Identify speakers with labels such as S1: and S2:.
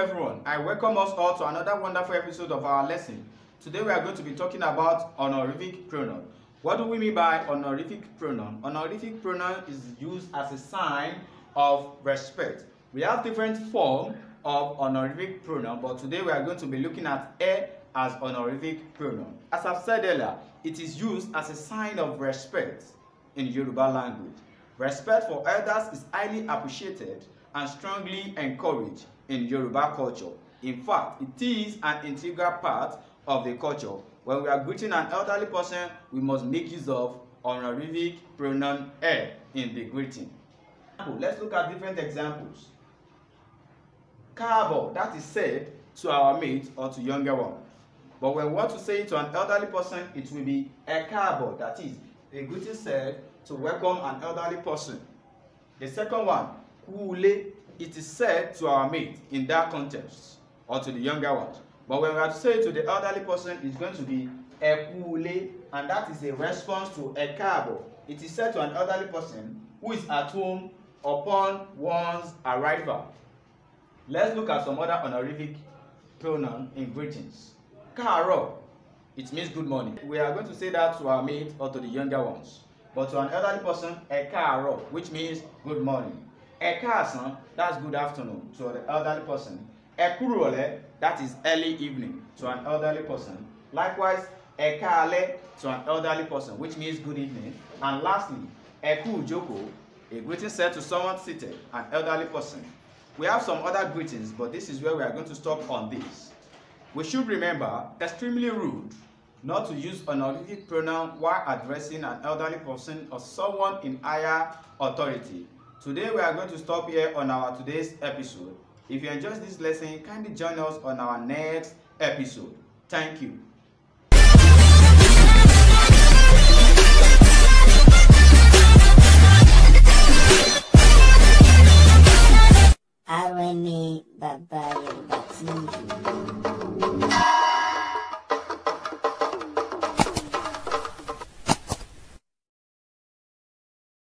S1: everyone. I welcome us all to another wonderful episode of our lesson. Today we are going to be talking about honorific pronoun. What do we mean by honorific pronoun? Honorific pronoun is used as a sign of respect. We have different forms of honorific pronoun, but today we are going to be looking at a e as honorific pronoun. As I've said earlier, it is used as a sign of respect in Yoruba language. Respect for elders is highly appreciated and strongly encouraged in Yoruba culture. In fact, it is an integral part of the culture. When we are greeting an elderly person, we must make use of honorific pronoun e in the greeting. Let's look at different examples. Káàbọ̀, that is said to our mate or to younger one. But when we want to say it to an elderly person, it will be ẹ e káàbọ̀, that is a greeting said to welcome an elderly person. The second one, "kule." it is said to our mate in that context or to the younger ones. But when we are to say to the elderly person, it's going to be ekule, and that is a response to ekabo. It is said to an elderly person who is at home upon one's arrival. Let's look at some other honorific pronoun in greetings. Karo, it means good morning. We are going to say that to our mate or to the younger ones. But to an elderly person, ekaro, which means good morning ẹ that's good afternoon to an elderly person ẹ that is early evening to an elderly person likewise ẹ to an elderly person which means good evening and lastly ẹ a greeting said to someone seated an elderly person we have some other greetings but this is where we are going to stop on this we should remember extremely rude not to use an honorific pronoun while addressing an elderly person or someone in higher authority Today we are going to stop here on our today's episode. If you enjoyed this lesson, kindly join us on our next episode. Thank you. Àwa ni Bàbá Yorùbá TV.